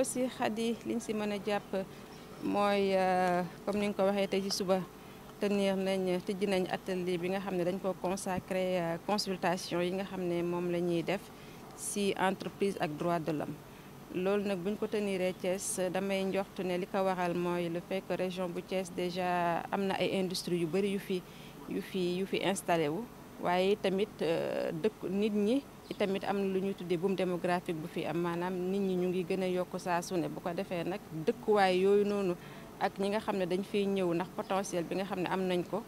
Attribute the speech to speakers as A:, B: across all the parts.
A: solo si xadi liñ si mën a jàpp mooy euh, comme ni nga ko waxee tey ci suba tenir nañ tijji nañ atelier bi nga xam ne dañ ko consacré euh, consultation yi nga xam ne moom la ñuy def si entreprise ak droit de l'homme loolu nag buñ ko teniree Thiès damay njoxtu ne li ko waral mooy le fait que région bu Thiès déjà am na ay industrie yu bëri yu fi yu fi yu fi installé wu waaye tamit euh, dëkk nit ñi tamit am na lu ñuy tuddee boom démographique bu fi am maanaam nit ñi ñu ngi gën a yokk saa su bu ko defee nag dëkkuwaay yooyu noonu ak ñi nga xam ne dañ fiy ñëw ndax potentiel bi nga xam ne am nañ ko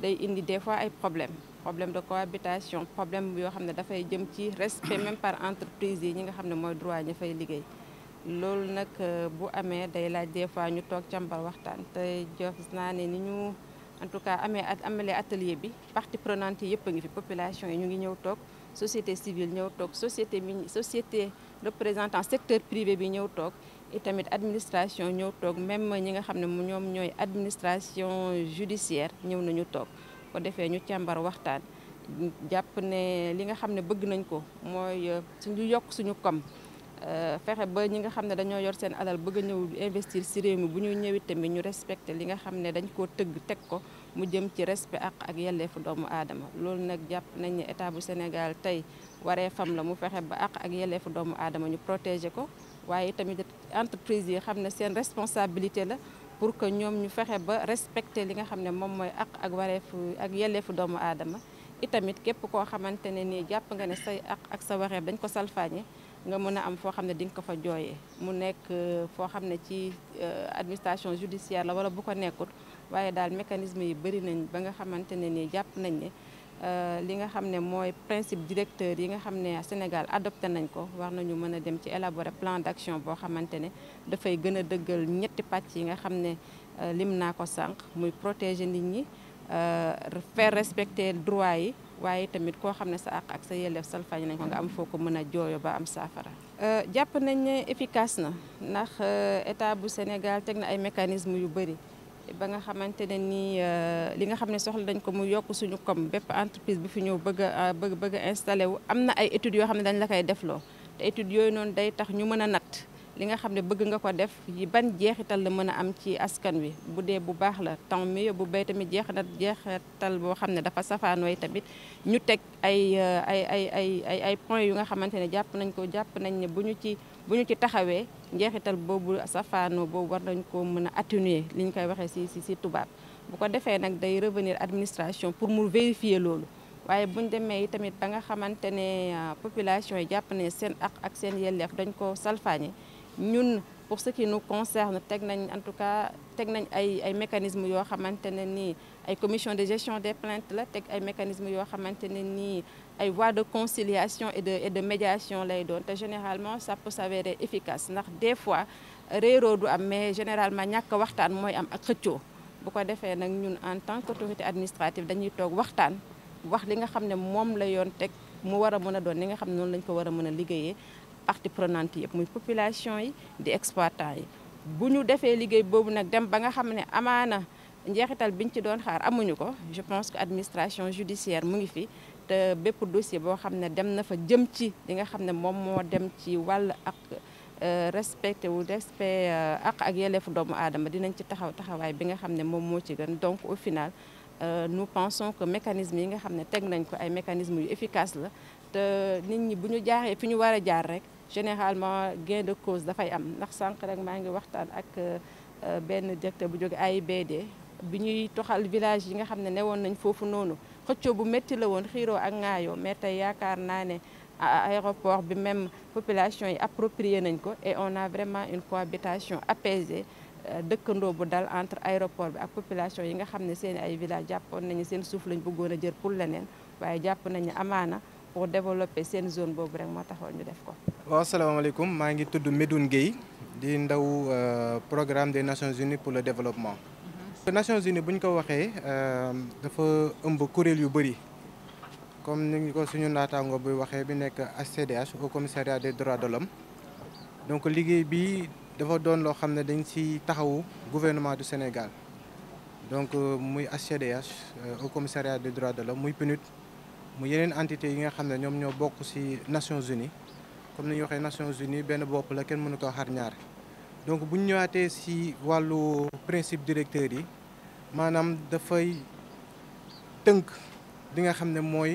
A: day indi des fois ay problème problème de cohabitation problème yoo xam ne dafay jëm ci respect même par entreprise yi ñi nga xam ne mooy droit ña fay liggéey loolu nag euh, bu amee day laaj des fois ñu toog càmbar waxtaan te jox naa ne ni ñu en tout cas amee amele atelier bi partie prenante yëpp a ngi fi population yi ñu ngi ñëw toog société civile ñëw toog société bi société représentant secteur privé bi ñëw toog i tamit administration ñëw toog même ñi nga xam ne ñoom ñooy administration judiciaire ñëw nañu toog ko defee ñu càmbar waxtaan jàpp ne li nga xam ne bëgg nañ ko mooy su euh, suñu yokk suñu kom euh, fexe ba ñi nga xam ne dañoo yor seen alal bëgg a ñëw investir si réew mi bu ñu ñëwit tamit ñu respecté li nga xam ne dañ ko tëgg teg ko mu jëm ci respect ak ak yelleefu doomu aadama loolu nag jàpp nañ ne état bu Sénégal tey waree fam la mu fexe ba ak ak yelleefu doomu aadama ñu protéger ko waaye tamit entreprise yi xam ne seen responsabilité la pour que ñoom ñu fexe ba respecter li nga xam ne moom mooy ak ak wareefu ak yelleefu doomu aadama itamit képp koo xamante ne nii jàpp nga ne say ak ak sa wareef dañ ko salfaañe nga mun a am foo xam ne di nga ko fa jooye mu nekk euh, foo xam ne ci euh, administration judiciaire la wala bu ko nekkul waaye daal mécanisme yi bëri nañ ba nga xamante ne nii jàpp nañ ne euh, li nga xam ne mooy principe directeur yi nga xam ne Sénégal adopté nañ ko war nañu mën a dem ci élaborer plan d'action boo xamante ne dafay gën a dëggal ñetti pàcc yi nga xam ne euh, lim naa ko sànq muy protéger nit ñi euh, faire respecter droit yi waaye tamit koo xam ne sa àq ak sa yelleef salfaañ nañ ko nga am foo ko mën a jooyo ba am saafara jàpp nañ ne efficace na ndax état bu Sénégal teg na ay mécanismes yu bëri ba nga xamante ne nii euh, li nga xam ne soxla dañ ko mu yokk suñu kom bépp entreprise bi fi ñëw bëgg a euh, bëgg a installé wu am na ay études yoo xam ne dañ la koy defloo te yooyu noonu day tax ñu mën a natt li nga xam ne bëgg nga ko def yi ban jeexital la mën a am ci askan wi bu dee bu baax la tant mieux bu bay tamit jeex na jeexital boo xam ne dafa safaanooy tamit ñu teg ay euh, ay ay ay ay ay points yu nga xamante ne jàpp nañ ko jàpp nañ ne bu ñu ci bu ñu ci taxawee njeexital boobu safaano boobu war nañ ko mën a atténuer li ñu koy waxee si si si tubaab bu ko defee nag day revenir administration pour mu vérifier loolu waaye buñ demee tamit ba nga xamante ne euh, population yi jàpp ne seen ak ak seen yelleef dañ ko salfaañe ñun pour ce qui nous concerne teg nañ en tout cas teg nañ ay ay mécanismes yoo xamante ne nii ay commission de gestion des plaintes la teg ay mécanismes yoo xamante ne nii ay voies de conciliation et de médiation lay doon te généralement sa peut s'avérer efficace ndax des fois réeroo du am mais généralement ñàkk waxtaan mooy am ak xëccoo bu ko defee nag ñun en tant qu'autorité administrative dañuy toog waxtaan wax li nga xam ne moom la yoon teg mu war a mën a doon li nga xam ne noonu lañ ko war a mën a liggéeyee partie prenante yëpp muy population yi di exploitant yi bu ñu defee liggéey boobu nag dem ba nga xam ne amaana njeexital biñ ci doon xaar amuñu ko je pense que administration mu ngi fi te bépp dossier boo xam ne dem na fa jëm ci li nga xam ne moom moo dem ci wàll ak euh, respecté wu respect euh, ak ak yelleefu doomu aadama dinañ ci taxaw taxawaay bi nga xam ne moom moo ci gën donc au final euh, nu pensons que mécanisme yi nga xam ne teg nañ ko ay mécanisme yu efficace la te nit ñi bu ñu jaaxee fi ñu war a jaar rek généralement gain de cause dafay am ndax sànq rek maa ngi waxtaan ak benn directeur bu jóge AIBD bi ñuy toxal village yi nga xam ne newoon nañ foofu noonu xëccoo bu métti la woon xiiro ak ŋaayoo mais tey yaakaar naa ne aéroport bi même population yi approprié nañ ko et on a vraiment une cohabitation apaisée euh, dëkkandoo bu dal entre aéroport bi ak population yi nga xam ne seen ay village jàppoon nañu seen suuf lañ bëggoon a jël pour leneen waaye jàpp nañu amaana pour développer seen zone boobu rek moo taxoon ñu def ko.
B: waaw salaamaaleykum maa ngi tudd Medoune Gueye di ndaw euh, programme des Nations Unies pour le développement. Nations Unies bu ñu ko waxee euh, dafa ëmb kuréel yu bëri comme ni ñu ko suñu naataango buy waxee bi nekk HCDH au commissariat des droits de l'homme donc liggéey bi dafa doon loo xam ne dañ ci taxawu gouvernement du Sénégal donc euh, muy HCDH euh, au commissariat des droits de l'homme muy PNUD mu yeneen entité yi nga xam ne ñoom ñoo bokk ci Nations Unies comme ni ñu waxee Nations Unies benn bopp la kenn mënu ko xar ñaar donc bu ñu ñëwaatee ci wàllu principe directeur yi maanaam dafay tënk li nga xam ne mooy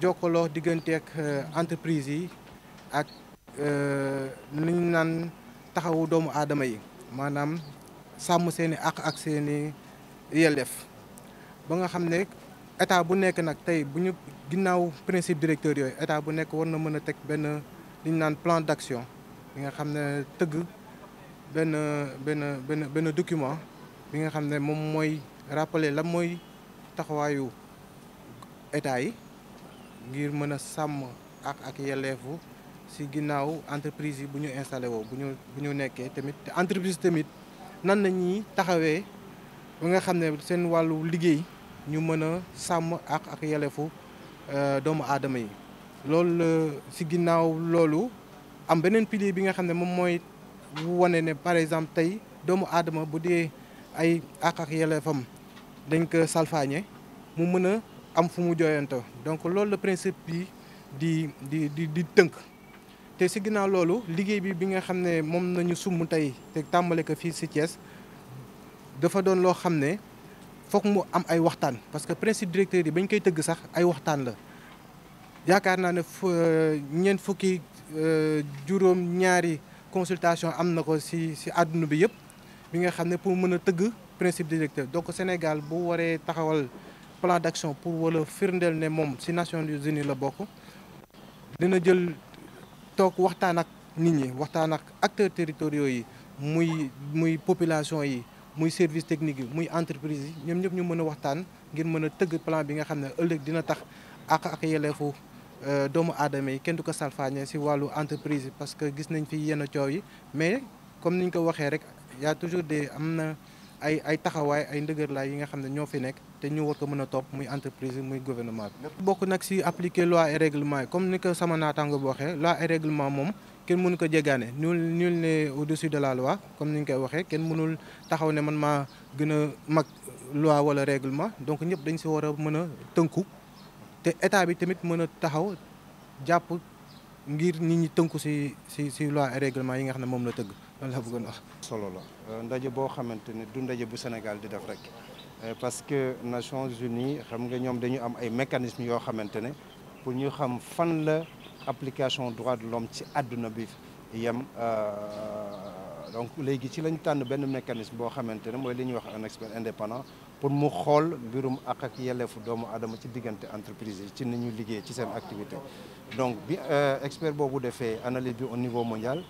B: jokkaloo diggante ak euh, entreprise yi ak euh, li ñu naan taxawu doomu aadama yi maanaam sàmm seeni àq ak seeni yelleef ba nga xam ne état bu nekk nag tey bu ñu ginnaaw principe directeur yooyu état bu nekk war na mën a teg benn li ñu naan plan d'action li nga xam ne tëgg benn benn benn benn document bi nga xam ne moom mooy rappeler lan mooy taxawaayu état yi ngir mën a sàmm ak ak yelleefu ci ginnaaw entreprise yi bu ñu installé woo bu ñu bu ñu nekkee tamit te entreprise tamit nan la ñuy taxawee ba nga xam ne seen wàllu liggéey ñu mën a sàmm ak ak yelleefu euh, doomu aadama yi loolu si ginnaaw loolu am beneen pilier bi nga xam ne moom mooy bu wane ne par exemple tey doomu aadama bu dee ay àq ak yelleefam dañ ko salfaañe mu mën a am fu mu jooyantoo donc loolu la principe bi di di di di tënk te si ginnaaw loolu liggéey bi bi nga xam ne moom nañu summ tey te tàmbale ko fii si Thiès dafa doon loo xam ne foog mu am ay waxtaan parce que principe directeur yi bañ koy tëgg sax ay waxtaan la yaakaar naa ne euh, ñeent fukki euh, juróom ñaari consultation am na ko si si àdduna bi yëpp bi nga xam ne pour mën a tëgg principe directeur donc Sénégal bu waree taxawal plan d'action pour wala firndeel ne moom si Nations Unies la bokk dina jël toog waxtaan ak nit ñi waxtaan ak acteurs territoriaux yi muy muy population yi muy service technique yi muy entreprise yi ñoom ñëpp ñu mën a waxtaan ngir mën a tëgg plan bi nga xam ne ëllëg dina tax ak ak yelleefu Euh, doomu aadama yi kenn du ko salfaañe si wàllu entreprise parce que gis nañ fi yenn coow yi mais comme ñu ko waxee rek y toujours de am na ay ay taxawaay ay ndëgërlaay yi nga xam ne ñoo fi nekk te ñu war ko mën a topp muy entreprise muy gouvernement bi. bokk nag si appliquer loi et yi comme ni ko sama naataango bo waxee loi et moom kenn mënu ko jegaane nul nul ne au-dessus de la loi comme ni ñu koy waxee kenn mënul taxaw ne man maa gën a mag loi wala règlement donc ñëpp dañ si war a mën a tënku. te état bi tamit mën a taxaw jàpp ngir nit ñi tënku si si si loi et yi nga xam ne moom la tëgg loolu laa bëggoon wax. solo la euh, ndaje boo
C: xamante ne du ndaje bu Sénégal di def rek euh, parce que Nations Unies xam nga ñoom dañu am ay mécanismes yoo xamante ne pour ñu xam fan la application droit de l'homme ci àdduna bi yem euh, donc léegi ci lañ tànn benn mécanisme boo xamante ne mooy li wax un expert indépendant. pour mu xool mbirum ak ak yelleefu doomu adama ci diggante entreprise yi ci ni ñu liggéey ci seen activité donc bi euh, expert boobu defee analyse bi au niveau mondial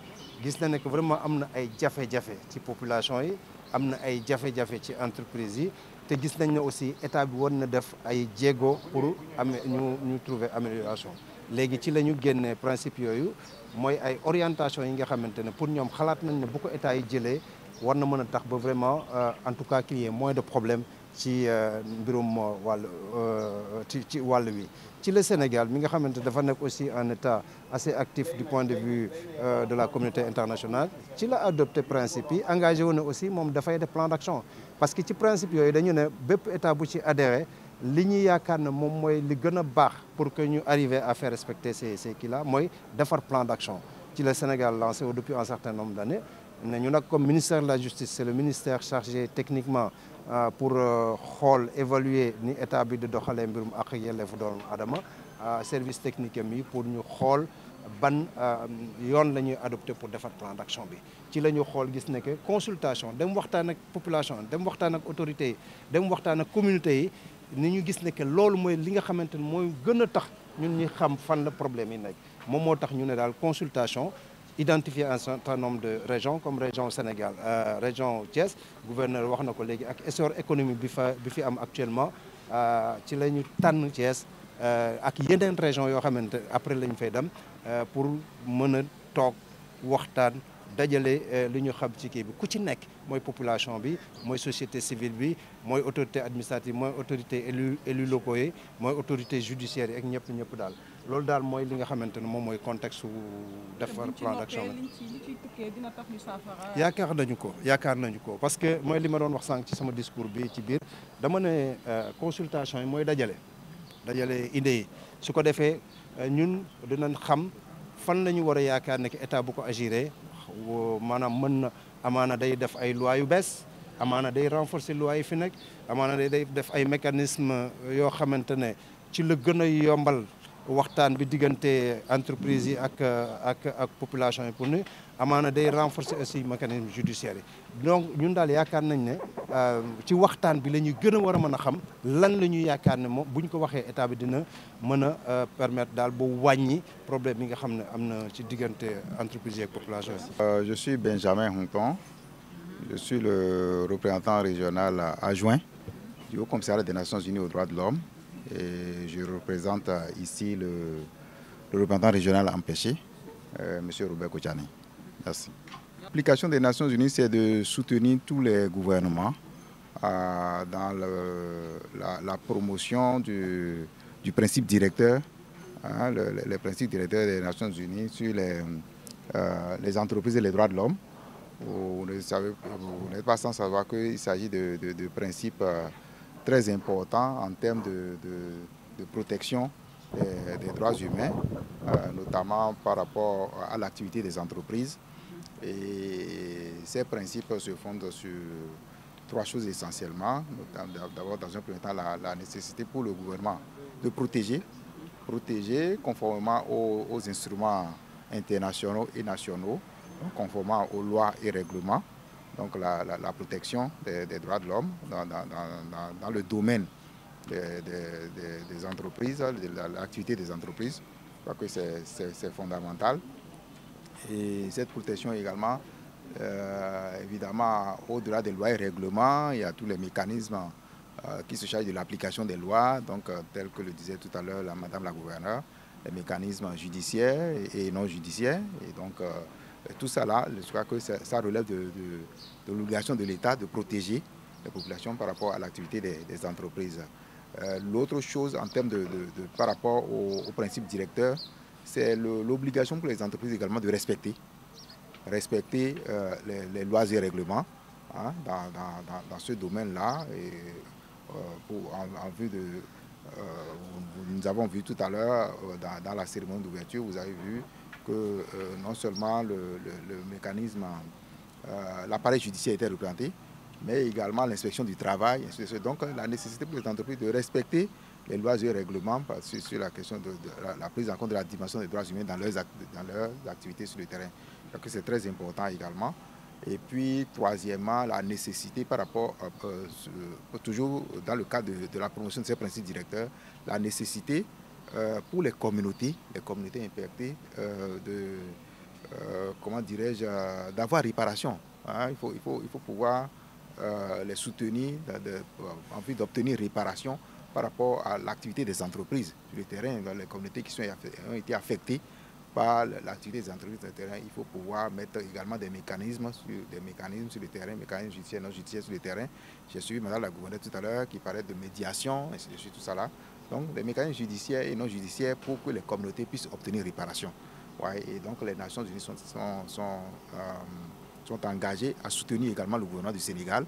C: gis na ne que vraiment am na ay jafe-jafe ci population yi am na ay jafe-jafe ci entreprise yi te gis nañ ne aussi état bi war na def ay jéego pour am ñu ñu trouver amélioration léegi ci la ñu génnee principe yooyu mooy ay orientation yi nga xamante ne pour ñoom xalaat nañ ne bu ko état yi jëlee war na mën a tax ba vraiment euh, en tout cas qu'il moins de problèmes ci euh, mbirum euh, wàll euh, ci ci wàll wi ci le Sénégal mi nga xamante dafa nekk aussi un état assez actif du point de vue de la communauté internationale ci la adopté principe yi engagé wu ne aussi moom dafay def plan d'action parce que ci principe yooyu dañu ne bépp état bu ci adhéré li ñu yaakaar ne moom mooy li gën a baax pour que ñu arriver à faire respecter ces ces kii mooy defar plan d'action ci le Sénégal lancé wu depuis un certain nombre d'années ne ñu nag comme ministère la justice c'est le ministère chargé techniquement euh, pour euh, xool évaluer ni état bi di doxalee mbirum ak yelleefu doomu adama euh, service technique am yi pour ñu xool ban yoon la ñuy adopté pour defar plan bi ci la ñu xool gis ne que consultation dem waxtaan ak population dem waxtaan ak autorités yi dem waxtaan ak communauté yi ni ñu gis ne que loolu mooy li nga xamante ne mooy gën a tax ñun ñuy xam fan la problème yi nekk moom moo tax ñu ne daal consultation identifié un certain nombre de région comme région Sénégal euh, région Thiès gouverneur wax na ko léegi ak essor économique bi fa bi fi am actuellement euh, ci la ñu tànn Thiès euh, ak yeneen région yoo xamante après lañu fay dem pour mën a toog waxtaan dajale li ñu xam ci kii bi ku ci nekk mooy population bi mooy société civile bi mooy autorité administrative mooy autorité élu élu locaux yi mooy autorité judiciaire yi ak ñëpp ñëpp daal loolu daal mooy li nga xamante ne moom mooy contexte su defar plan d'action yaakaar nañu ko yaakaar nañu ko parce que mooy li ma doon wax sànq ci sama discours bi ci biir dama ne euh, consultation yi mooy dajale dajale idée yi su ko defee euh, ñun dinañ xam fan la ñu war a yaakaar ne état bu ko agiré maanaam mën na amaana day def ay loi yu bees amaana day renforcer loi fi nekk amaana day def ay mécanisme euh, yoo xamante ne ci la gën a yombal waxtaan bi diggante entreprise yi ak ak ak population yi pour ni amaana day renforcer aussi mécanisme judiciaire yi donc ñun daal yaakaar nañ ne euh, ci waxtaan bi la ñuy gën a war a mën a xam lan la ñuy yaakaar ne moom bu ñu ko waxee état bi dina mën a euh, permettre daal ba wàññi problème yi nga xam ne am na ci diggante entreprise yi ak population yi.
D: Euh, je suis Benjamin Honton je suis le représentant régional adjoint du Haut Commissariat des Nations Unies aux droits de l'homme Et je représente ici le, le représentant régional empêché, euh, M. Robert Kouchani. Merci. L'application des Nations Unies, c'est de soutenir tous les gouvernements euh, dans le, la, la, promotion du, du principe directeur, hein, le, le, principe directeur des Nations Unies sur les, euh, les entreprises et les droits de l'homme. Vous n'êtes pas sans savoir qu'il s'agit de principes euh, très important en termes de, de, de protection des, euh, des, droits humains, euh, notamment par rapport à l'activité des entreprises. Et ces principes se fondent sur trois choses essentiellement. D'abord, dans la, la, nécessité pour le gouvernement de protéger, protéger conformément aux, aux instruments internationaux et nationaux, conformément aux lois et règlements. donc la, la, la protection des, des, droits de l'homme dans, le domaine des, des, des entreprises, de l'activité des entreprises. Je crois que c'est fondamental. Et cette protection également, euh, au-delà des lois et règlements, il y a tous les mécanismes euh, qui se chargent de l'application des lois, donc euh, tel que le disait tout à l'heure Madame la gouverneure, les mécanismes judiciaires et non judiciaires. Et donc, euh, tout ça là, je crois que ça, ça relève de, l'obligation de, de l'État de protéger les populations par rapport à l'activité des, des, entreprises. Euh, l'autre chose en termes par rapport au, principe directeur, c'est l'obligation pour les entreprises également de respecter, respecter euh, les, les, lois et règlements dans, dans, dans, ce domaine-là. Euh, en, en, vue de, euh, nous avons vu tout à l'heure euh, dans, dans la cérémonie d'ouverture, vous avez vu que euh, non seulement le, le, le mécanisme, euh, l'appareil judiciaire était représenté, mais également l'inspection du travail. Donc la nécessité pour les entreprises de respecter les lois et règlements sur, la question de, de la, la, prise en compte de la dimension des droits humains dans leurs, activités sur le terrain. Donc c'est très important également. Et troisièmement, la nécessité par rapport, euh, euh toujours dans le cadre de, de la promotion de ces principes directeurs, la nécessité Euh, pour les communautés, les communautés impactées, euh, de, euh, comment dirais-je, d'avoir réparation. Hein, il, faut, il, faut, il faut pouvoir les soutenir de, de, en vue d'obtenir réparation par rapport à l'activité des entreprises sur le terrain, dans les communautés qui sont, ont été affectées par l'activité des entreprises sur le terrain, il faut pouvoir mettre également des mécanismes sur, des mécanismes sur le terrain, mécanismes judiciaires, non judiciaires sur le terrain. J'ai suivi Madame la gouverneure tout à l'heure qui parlait de médiation, et tout ça là. donc des mécanismes judiciaires et non judiciaires pour que les communautés puissent obtenir réparation. Ouais, et donc les Nations Unies sont, sont, sont, euh, sont engagées à soutenir également le gouvernement du Sénégal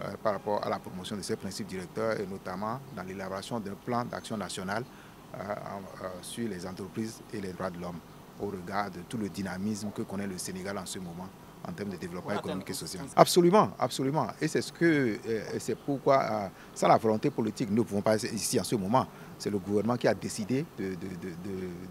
D: euh, par rapport à la promotion de ces principes directeurs et notamment dans l'élaboration d'un plan d'action national euh, euh, sur les entreprises et les droits de l'homme au regard de tout le dynamisme que connaît le Sénégal en ce moment en termes de développement économique moment. c'est le gouvernement qui a décidé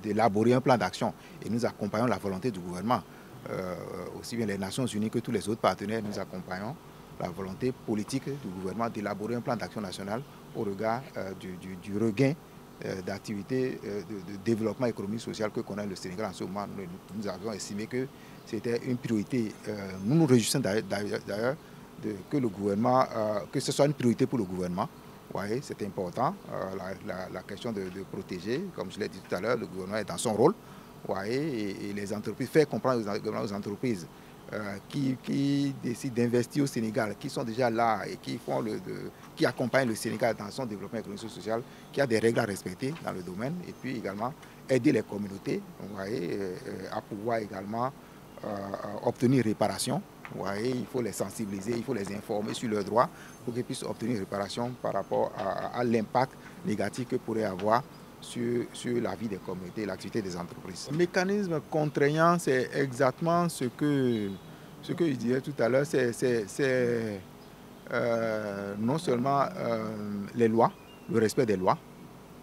D: d'élaborer un plan d'action et nous accompagnons la volonté du gouvernement. Euh, aussi bien les Nations Unies que tous les autres partenaires, nous accompagnons la volonté politique du gouvernement d'élaborer un plan d'action national au regard euh, du, du, du, regain euh, d'activité euh, de, de, développement économique social que connaît le Sénégal en ce moment. Nous, nous avons estimé que c'était une priorité. Euh, nous nous réjouissons d'ailleurs que le gouvernement, euh, que ce soit une priorité pour le gouvernement Oui, c'est important, euh, la, la, la, question de, de, protéger. Comme je l'ai dit tout à l'heure, le gouvernement est dans son rôle. Oui, et, et, les entreprises, faire comprendre aux, aux entreprises euh, qui, qui, décident d'investir au Sénégal, qui de, qui accompagnent le Sénégal dans son développement économique qui a des règles à respecter dans le domaine. Et aider les communautés euh, à pouvoir également euh, obtenir réparation. il faut les sensibiliser, il faut les informer sur leurs droits. pour qu'ils puissent obtenir une réparation par rapport à, à l'impact négatif que pourrait avoir sur, sur, la vie des communautés et l'activité des entreprises. Le mécanisme contraignant, c'est exactement ce que, ce que je disais tout à l'heure, c'est euh, non seulement euh, les lois, le respect des lois,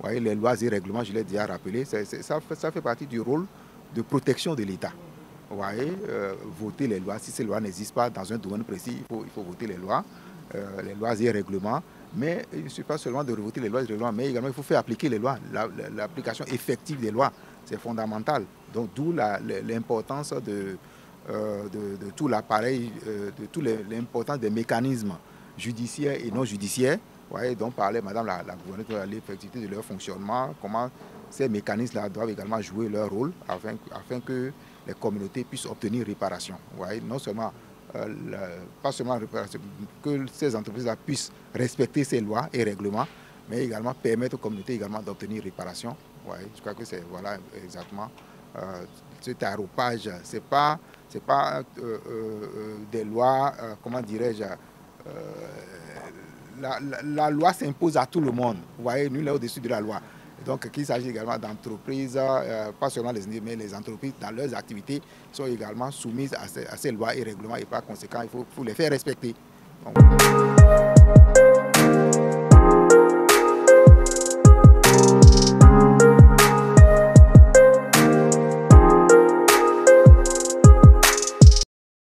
D: voyez, les lois et règlements, je l'ai déjà rappelé, c est, c est, ça, fait, ça fait partie du rôle de protection de l'État. Vous voyez, euh, voter les lois, si ces lois n'existent pas dans un domaine précis, il faut, il faut voter les lois. Euh, les lois et règlements. Mais il ne suffit pas seulement de revoter les lois et règlements, mais également il faut faire appliquer les lois, l'application effective des lois. C'est fondamental. Donc l'importance euh, de, tout l'appareil, euh, de tout les des mécanismes judiciaires et non judiciaires, voyez, dont Madame la, la de l'effectivité de leur fonctionnement, comment ces mécanismes-là doivent également jouer leur rôle afin, afin que les communautés puissent Euh, la, pas seulement que ces entreprises-là puissent respecter ces lois et règlements, mais également permettre aux communautés également d'obtenir réparation. Ouais, je crois que c'est voilà exactement euh, ce taropage. C'est pas c'est pas euh, euh, euh des lois, euh, comment dirais-je. La, la, la, loi s'impose à tout le monde. Vous voyez, nul n'est au-dessus de la loi. Donc qu'il s'agit également d'entreprises, euh, pas seulement les mais les entreprises dans leurs activités sont également soumises à ces, à ces lois et règlements et par conséquent, il faut, faut les faire respecter. Donc...